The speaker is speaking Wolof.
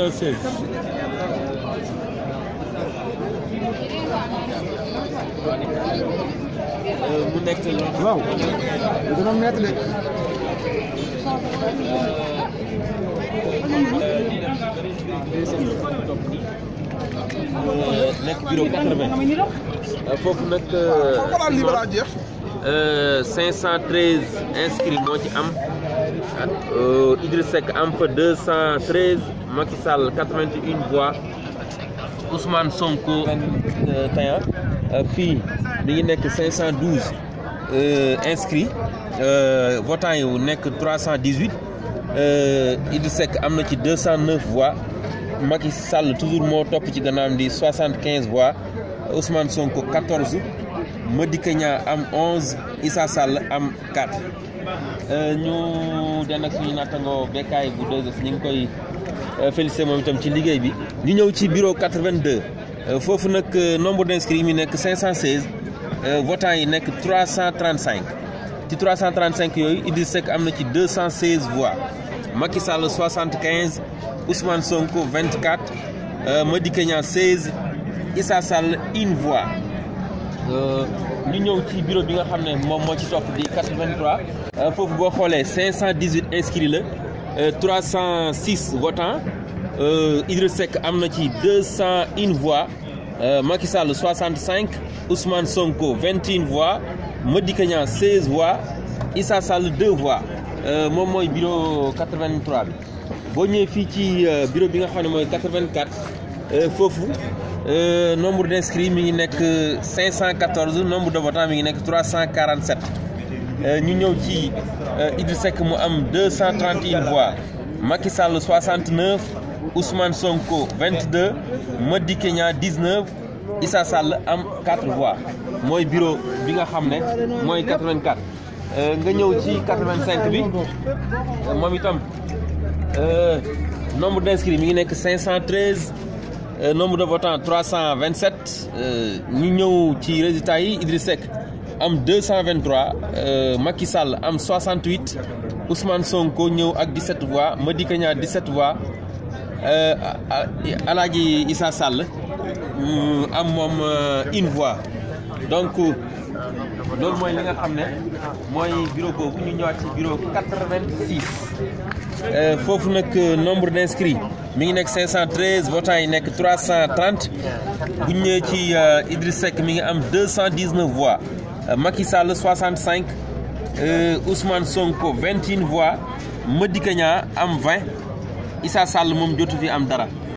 2016. mu nekk waaw dina métti de. nekk bureau 80. foofu nag. Euh, euh, non 513 inscrits moo ci am. Euh, Idriss Seck am fa deux cent treize Macky Sall quatre vingt et une Sonko tayan euh, fii mi ngi nekk cinq cent douze euh, inscrits votants yi nekk trois cent dix huit Idriss Seck am na ci deux cent neuf voix Macky Sall toujours moo topp ci gannaam di soixante quinze voix Ousmane Sonko quatorze Madické Niang am 11 Issa Sall am 4. Euh, ñu den ak suñu nattangoo bekkaay bu 2 ñu ngi koy euh, félicité moom itam ci liggéey bi ñu ñëw ci bureau 82 euh, foofu nag nombre d'inscrits mi nekk 516 votants yi nekk 335 ci 335 yooyu Idriss Seck am na ci 216 voix Macky Sall 75 Ousmane Sonko 24 Madické Niang 16 Issa Sall une voix. Euh, ñu ñëw ci bureau bi nga xam ne moom moo ci topp di 83 euh, foofu boo xoolee 518 inscrits la 306 euh, votants Idriss Seck am na ci 201 voix Macky Sall 65 Ousmane Sonko 21 voix Madické Niang 16 voix Issa Sall 2 voix moom mooy bureau 83 bi boo ñëwee fii ci bureau bi nga xam ne mooy 84. Euh, foofu euh, nombre d' inscrits mi ngi nekk 514 nombre de votants mi ngi nekk 347 euh, ñu ñëw ci Idrissa mu am 231 voix Macky Sall 69 Ousmane Sonko 22 Madické Niang 19 Issa Sall am 4 voix mooy bureau bi nga xam ne mooy 84 nga ñëw ci 85 bi moom itam nombre d' mi ngi nekk 513. Euh, nombre de votants 327 euh, ñu ñëw ci résultats yi Idriss Seck am 223 euh, Macky Sall am 68 Ousmane Sonko ñëw ak 17 voix Madické Niang 17 voix Alaaji Issa Sall mm, am moom une voix donc loolu mooy li nga xam ne mooy bureau boobu ñu ñëwaat ci bureau 86 foofu nag nombre d' inscrits mi ngi nekk 513 votants yi nekk 330 bu ñëwee ci euh, Idriss Seck mi ngi am 219 voix euh, Macky Sall 65 euh, Ousmane Sonko 21 voix Madické Niang am 20 Issa Sall moom jotu fi am dara.